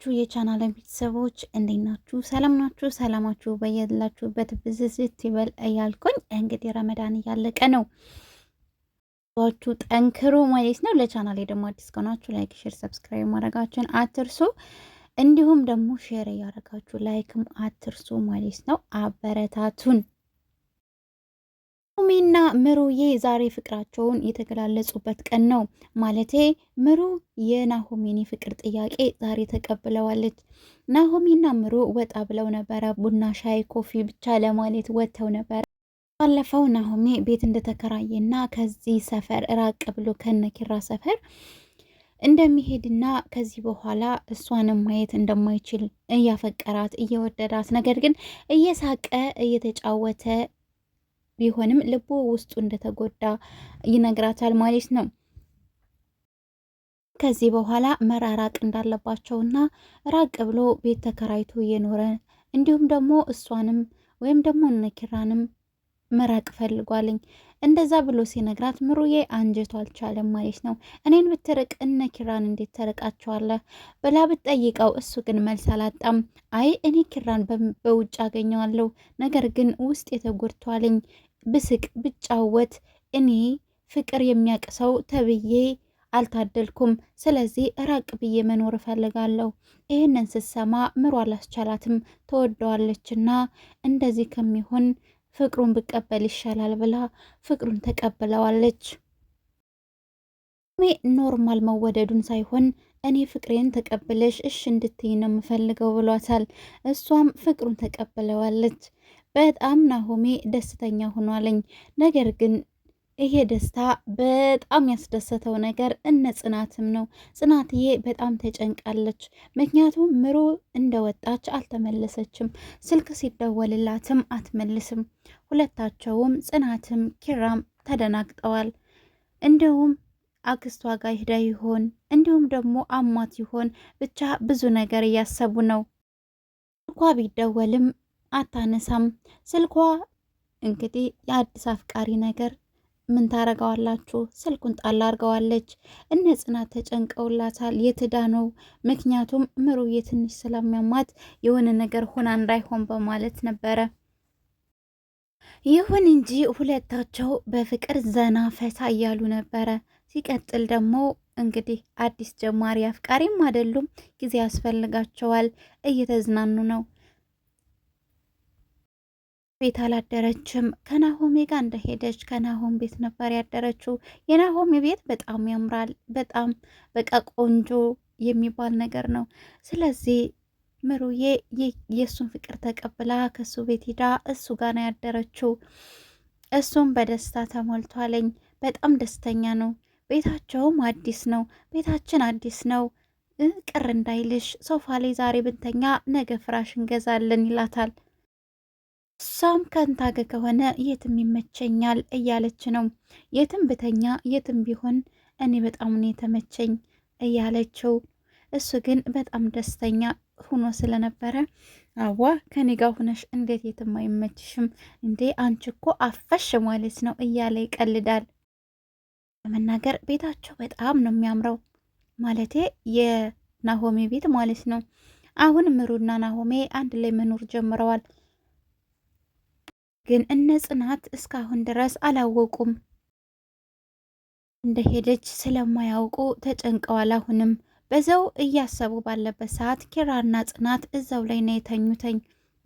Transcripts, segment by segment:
ናችሁ የቻናል ቤተሰቦች እንዴት ናችሁ? ሰላም ናችሁ? ሰላማችሁ በየላችሁበት ብዝዝት ይበል እያልኩኝ እንግዲህ ረመዳን እያለቀ ነው። ቹ ጠንክሮ ማለት ነው። ለቻናል ደግሞ አዲስ ከሆናችሁ ላይክ፣ ሼር፣ ሰብስክራይብ ማድረጋችሁን አትርሱ። እንዲሁም ደግሞ ሼር እያደረጋችሁ ላይክም አትርሱ ማለት ነው። አበረታቱን ኑሐሚንና ምሩዬ ዛሬ ፍቅራቸውን የተገላለጹበት ቀን ነው። ማለቴ ምሩ የናሆሚኒ ፍቅር ጥያቄ ዛሬ ተቀብለዋለች። ናሆሚና ምሩ ወጣ ብለው ነበረ፣ ቡና ሻይ፣ ኮፊ ብቻ ለማለት ወጥተው ነበረ። ባለፈው ናሆሜ ቤት እንደተከራየና ከዚህ ሰፈር ራቅ ብሎ ከነኪራ ሰፈር እንደሚሄድና ከዚህ በኋላ እሷንም ማየት እንደማይችል እያፈቀራት እየወደዳት ነገር ግን እየሳቀ እየተጫወተ ቢሆንም ልቡ ውስጡ እንደተጎዳ ይነግራታል ማለት ነው። ከዚህ በኋላ መራራቅ እንዳለባቸውና ራቅ ብሎ ቤት ተከራይቶ እየኖረ እንዲሁም ደግሞ እሷንም ወይም ደግሞ እነኪራንም መራቅ ፈልጓልኝ እንደዛ ብሎ ሲነግራት ምሩዬ አንጀቷ አልቻለም ማለት ነው። እኔን ብትርቅ እነ ኪራን እንዴት ተርቃቸዋለህ ብላ ብትጠይቀው እሱ ግን መልስ አላጣም። አይ እኔ ኪራን በውጭ አገኘዋለሁ፣ ነገር ግን ውስጥ የተጎድቷልኝ ብስቅ ብጫወት እኔ ፍቅር የሚያቅሰው ተብዬ አልታደልኩም። ስለዚህ ራቅ ብዬ መኖር እፈልጋለሁ። ይህንን ስትሰማ ምሮ አላስቻላትም። ተወደዋለችና እንደዚህ ከሚሆን ፍቅሩን ብቀበል ይሻላል ብላ ፍቅሩን ተቀብለዋለች። ኖርማል መወደዱን ሳይሆን እኔ ፍቅሬን ተቀብለሽ እሽ እንድትይ ነው የምፈልገው ብሏታል። እሷም ፍቅሩን ተቀብለዋለች። በጣም ናሆሜ ደስተኛ ሆኗለኝ። ነገር ግን ይሄ ደስታ በጣም ያስደሰተው ነገር እነ ጽናትም ነው። ጽናትዬ በጣም ተጨንቃለች። ምክንያቱም ምሩ እንደወጣች አልተመለሰችም። ስልክ ሲደወልላትም አትመልስም። ሁለታቸውም ጽናትም ኪራም ተደናግጠዋል። እንዲሁም አክስቷ ጋር ሄዳ ይሆን እንዲሁም ደግሞ አሟት ይሆን ብቻ ብዙ ነገር እያሰቡ ነው። እንኳ ቢደወልም አታነሳም። ስልኳ እንግዲህ የአዲስ አፍቃሪ ነገር ምን ታረገዋላችሁ? ስልኩን ጣል አድርገዋለች። እነ ጽናት ተጨንቀውላታል። የትዳ ነው? ምክንያቱም ምሩ የትንሽ ስለሚያማት የሆነ ነገር ሆና እንዳይሆን በማለት ነበረ። ይሁን እንጂ ሁለታቸው በፍቅር ዘና ፈታ እያሉ ነበረ። ሲቀጥል ደግሞ እንግዲህ አዲስ ጀማሪ አፍቃሪም አይደሉም፣ ጊዜ ያስፈልጋቸዋል። እየተዝናኑ ነው። ቤት አላደረችም። ከናሆሜ ጋር እንደሄደች ከናሆም ቤት ነበር ያደረችው። የናሆሜ ቤት በጣም ያምራል። በጣም በቃ ቆንጆ የሚባል ነገር ነው። ስለዚህ ምሩዬ የእሱን ፍቅር ተቀብላ ከእሱ ቤት ሂዳ እሱ ጋር ነው ያደረችው። እሱም በደስታ ተሞልቷለኝ። በጣም ደስተኛ ነው። ቤታቸውም አዲስ ነው። ቤታችን አዲስ ነው ቅር እንዳይልሽ ሶፋ ላይ ዛሬ ብንተኛ ነገ ፍራሽ እንገዛለን ይላታል። እሷም ከንታገ ከሆነ የትም ይመቸኛል እያለች ነው። የትም ብተኛ የትም ቢሆን እኔ በጣም ነው የተመቸኝ እያለችው፣ እሱ ግን በጣም ደስተኛ ሁኖ ስለነበረ አዋ ከኔ ጋር ሁነሽ እንዴት የትም አይመችሽም እንዴ አንቺ እኮ አፈሽ ማለት ነው እያለ ይቀልዳል። ለመናገር ቤታቸው በጣም ነው የሚያምረው ማለቴ የናሆሜ ቤት ማለት ነው። አሁን ምሩና ናሆሜ አንድ ላይ መኖር ጀምረዋል። ግን እነ ጽናት እስካሁን ድረስ አላወቁም። እንደሄደች ስለማያውቁ ተጨንቀዋል። አሁንም በዛው እያሰቡ ባለበት ሰዓት ኪራና ጽናት እዛው ላይ ነው የተኙተኝ።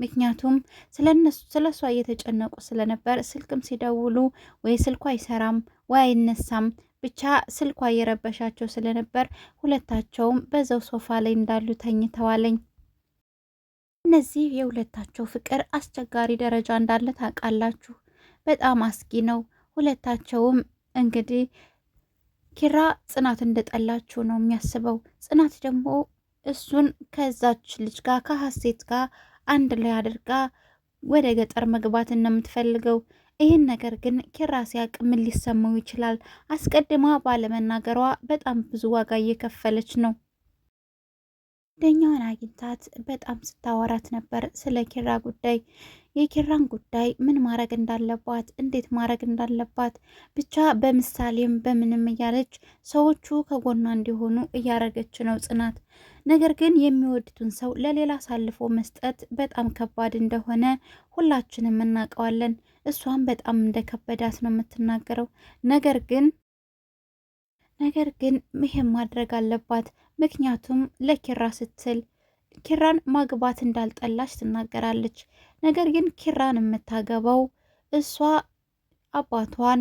ምክንያቱም ስለነሱ ስለሷ እየተጨነቁ ስለነበር ስልክም ሲደውሉ ወይ ስልኩ አይሰራም ወይ አይነሳም፣ ብቻ ስልኳ እየረበሻቸው ስለነበር ሁለታቸውም በዛው ሶፋ ላይ እንዳሉ ተኝተዋለኝ። እነዚህ የሁለታቸው ፍቅር አስቸጋሪ ደረጃ እንዳለ ታውቃላችሁ። በጣም አስጊ ነው። ሁለታቸውም እንግዲህ ኪራ ጽናት እንደጠላችሁ ነው የሚያስበው። ጽናት ደግሞ እሱን ከዛች ልጅ ጋር ከሀሴት ጋር አንድ ላይ አድርጋ ወደ ገጠር መግባት እንደምትፈልገው ይህን ነገር ግን ኪራ ሲያቅ ምን ሊሰማው ይችላል? አስቀድማ ባለመናገሯ በጣም ብዙ ዋጋ እየከፈለች ነው። ጓደኛዋን አግኝታት በጣም ስታወራት ነበር ስለ ኪራ ጉዳይ። የኪራን ጉዳይ ምን ማድረግ እንዳለባት እንዴት ማድረግ እንዳለባት ብቻ በምሳሌም በምንም እያለች ሰዎቹ ከጎኗ እንዲሆኑ እያረገች ነው ጽናት። ነገር ግን የሚወዱትን ሰው ለሌላ አሳልፎ መስጠት በጣም ከባድ እንደሆነ ሁላችንም እናውቀዋለን። እሷም በጣም እንደከበዳት ነው የምትናገረው። ነገር ግን ነገር ግን ይህም ማድረግ አለባት። ምክንያቱም ለኪራ ስትል ኪራን ማግባት እንዳልጠላች ትናገራለች። ነገር ግን ኪራን የምታገባው እሷ አባቷን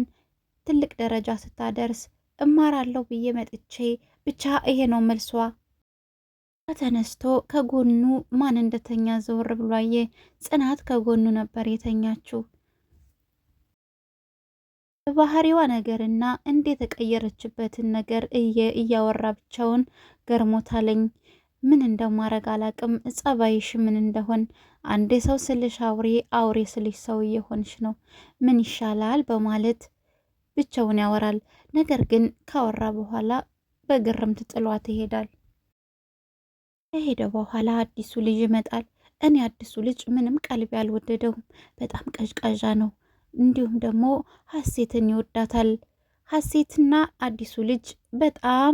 ትልቅ ደረጃ ስታደርስ እማራለሁ ብዬ መጥቼ ብቻ ይሄ ነው መልሷ። ተነስቶ ከጎኑ ማን እንደተኛ ዘወር ብሎ አየ። ጽናት ከጎኑ ነበር የተኛችው። ባህሪዋ ነገርና እንዴ የተቀየረችበትን ነገር እያወራ ብቻውን ገርሞታለኝ። ምን እንደማረግ አላቅም። ጸባይሽ ምን እንደሆን አንዴ ሰው ስልሽ አውሬ አውሬ ስልሽ ሰው እየሆንሽ ነው። ምን ይሻላል በማለት ብቻውን ያወራል። ነገር ግን ካወራ በኋላ በግርምት ጥሏት ይሄዳል። ከሄደ በኋላ አዲሱ ልጅ ይመጣል። እኔ አዲሱ ልጅ ምንም ቀልቤ አልወደደውም። በጣም ቀዥቃዣ ነው። እንዲሁም ደግሞ ሀሴትን ይወዳታል። ሀሴትና አዲሱ ልጅ በጣም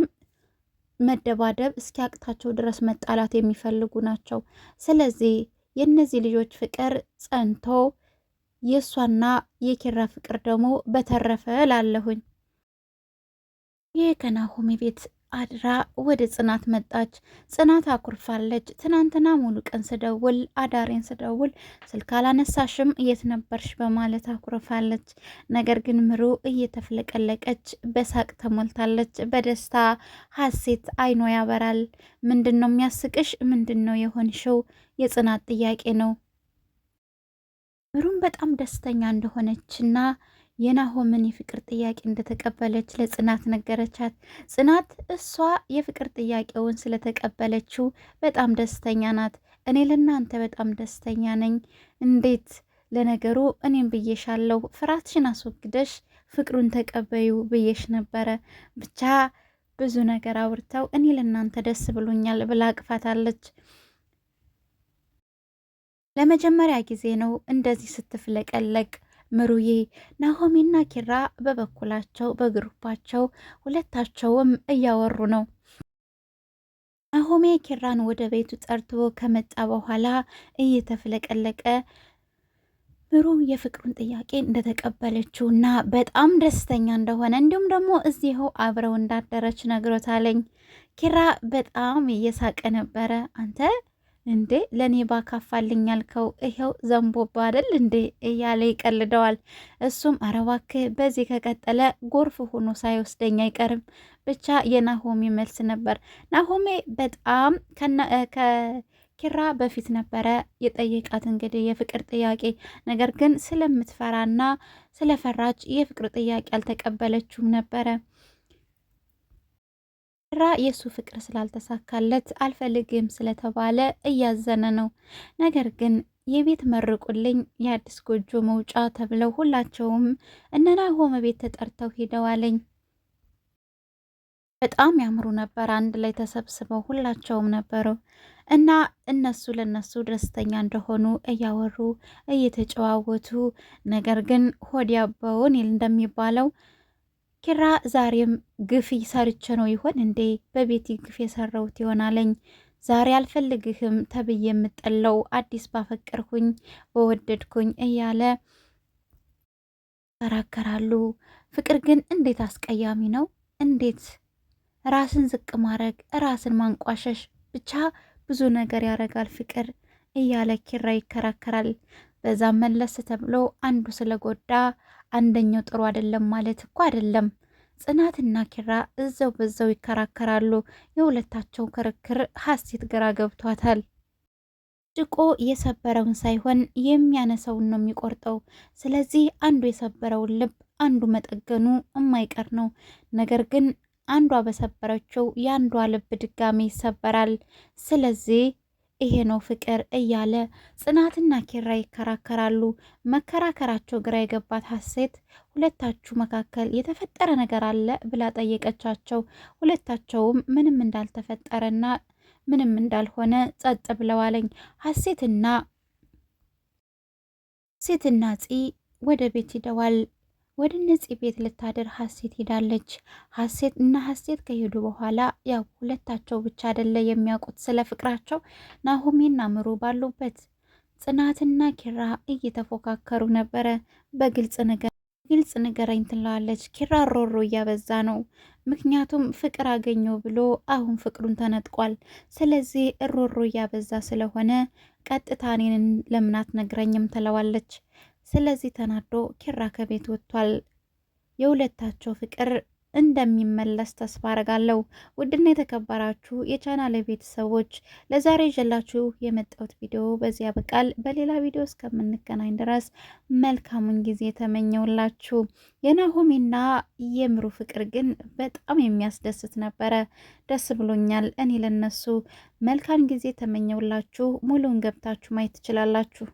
መደባደብ እስኪያቅታቸው ድረስ መጣላት የሚፈልጉ ናቸው። ስለዚህ የእነዚህ ልጆች ፍቅር ጸንቶ የእሷና የኪራ ፍቅር ደግሞ በተረፈ ላለሁኝ ይህ ከናሆሚ ቤት አድራ ወደ ጽናት መጣች። ጽናት አኩርፋለች። ትናንትና ሙሉ ቀን ስደውል አዳሬን ስደውል ስልክ አላነሳሽም እየት ነበርሽ በማለት አኩርፋለች። ነገር ግን ምሩ እየተፍለቀለቀች በሳቅ ተሞልታለች። በደስታ ሀሴት አይኖ ያበራል። ምንድን ነው የሚያስቅሽ? ምንድን ነው የሆንሽው? የጽናት ጥያቄ ነው። ምሩም በጣም ደስተኛ እንደሆነችና የናሆምን የፍቅር ጥያቄ እንደተቀበለች ለጽናት ነገረቻት። ጽናት እሷ የፍቅር ጥያቄውን ስለተቀበለችው በጣም ደስተኛ ናት። እኔ ለእናንተ በጣም ደስተኛ ነኝ። እንዴት ለነገሩ እኔም ብዬሻለሁ፣ ፍርሃትሽን አስወግደሽ ፍቅሩን ተቀበዩ ብዬሽ ነበረ። ብቻ ብዙ ነገር አውርተው እኔ ለእናንተ ደስ ብሎኛል ብላ አቅፋታለች። ለመጀመሪያ ጊዜ ነው እንደዚህ ስትፍለቀለቅ ምሩዬ ናሆሚና ኪራ በበኩላቸው በግሩፓቸው ሁለታቸውም እያወሩ ነው። ናሆሜ ኪራን ወደ ቤቱ ጠርቶ ከመጣ በኋላ እየተፍለቀለቀ ምሩ የፍቅሩን ጥያቄ እንደተቀበለችው እና በጣም ደስተኛ እንደሆነ እንዲሁም ደግሞ እዚሁ አብረው እንዳደረች ነግሮታለኝ። ኪራ በጣም እየሳቀ ነበረ። አንተ እንዴ ለእኔ ባካፋልኝ ያልከው ይኸው ዘንቦባ አይደል እንዴ እያለ ይቀልደዋል። እሱም ኧረ በዚህ ከቀጠለ ጎርፍ ሆኖ ሳይወስደኝ አይቀርም። ብቻ የናሆሜ መልስ ነበር። ናሆሜ በጣም ከኪራ በፊት ነበረ የጠየቃት እንግዲህ የፍቅር ጥያቄ። ነገር ግን ስለምትፈራና ስለፈራች የፍቅር ጥያቄ አልተቀበለችውም ነበረ ራ የእሱ ፍቅር ስላልተሳካለት አልፈልግም ስለተባለ እያዘነ ነው። ነገር ግን የቤት መርቁልኝ የአዲስ ጎጆ መውጫ ተብለው ሁላቸውም እነና ሆመ ቤት ተጠርተው ሄደዋለኝ። በጣም ያምሩ ነበር። አንድ ላይ ተሰብስበው ሁላቸውም ነበሩ እና እነሱ ለነሱ ደስተኛ እንደሆኑ እያወሩ እየተጨዋወቱ ነገር ግን ሆዲያበውን ይል እንደሚባለው ኪራ ዛሬም ግፍ ሰርቼ ነው ይሆን እንዴ? በቤቲ ግፍ የሰራሁት ይሆናለኝ። ዛሬ አልፈልግህም ተብዬ የምጠለው አዲስ ባፈቀርኩኝ በወደድኩኝ እያለ ይከራከራሉ። ፍቅር ግን እንዴት አስቀያሚ ነው! እንዴት ራስን ዝቅ ማድረግ፣ ራስን ማንቋሸሽ፣ ብቻ ብዙ ነገር ያደርጋል ፍቅር እያለ ኪራ ይከራከራል። በዛ መለስ ተብሎ አንዱ ስለጎዳ አንደኛው ጥሩ አይደለም ማለት እኮ አይደለም። ጽናትና ኪራ እዛው በዛው ይከራከራሉ። የሁለታቸው ክርክር ሀሴት ግራ ገብቷታል። ጭቆ የሰበረውን ሳይሆን የሚያነሰውን ነው የሚቆርጠው። ስለዚህ አንዱ የሰበረውን ልብ አንዱ መጠገኑ የማይቀር ነው። ነገር ግን አንዷ በሰበረችው የአንዷ ልብ ድጋሚ ይሰበራል። ስለዚህ ይሄ ነው ፍቅር እያለ ጽናትና ኪራ ይከራከራሉ። መከራከራቸው ግራ የገባት ሀሴት ሁለታችሁ መካከል የተፈጠረ ነገር አለ ብላ ጠየቀቻቸው። ሁለታቸውም ምንም እንዳልተፈጠረና ምንም እንዳልሆነ ጸጥ ብለዋለኝ። ሀሴትና ሴትና ፂ ወደ ቤት ሂደዋል። ወደ ነፂ ቤት ልታደር ሀሴት ሄዳለች። ሀሴት እና ሀሴት ከሄዱ በኋላ ያው ሁለታቸው ብቻ አይደለ የሚያውቁት ስለ ፍቅራቸው። ናሆሜና ምሩ ባሉበት ጽናትና ኪራ እየተፎካከሩ ነበረ። በግልጽ ነገር ግልጽ ንገረኝ ትለዋለች። ኪራ ሮሮ እያበዛ ነው። ምክንያቱም ፍቅር አገኘው ብሎ አሁን ፍቅሩን ተነጥቋል። ስለዚህ ሮሮ እያበዛ ስለሆነ ቀጥታ እኔን ለምን አትነግረኝም ትለዋለች። ስለዚህ ተናዶ ኪራ ከቤት ወጥቷል። የሁለታቸው ፍቅር እንደሚመለስ ተስፋ አረጋለሁ። ውድና የተከበራችሁ የቻናል ቤተሰቦች ለዛሬ ይዤላችሁ የመጣሁት ቪዲዮ በዚህ ያበቃል። በሌላ ቪዲዮ እስከምንገናኝ ድረስ መልካሙን ጊዜ ተመኘውላችሁ። የናሆሜና የምሩ ፍቅር ግን በጣም የሚያስደስት ነበረ። ደስ ብሎኛል። እኔ ለነሱ መልካም ጊዜ ተመኘውላችሁ። ሙሉን ገብታችሁ ማየት ትችላላችሁ።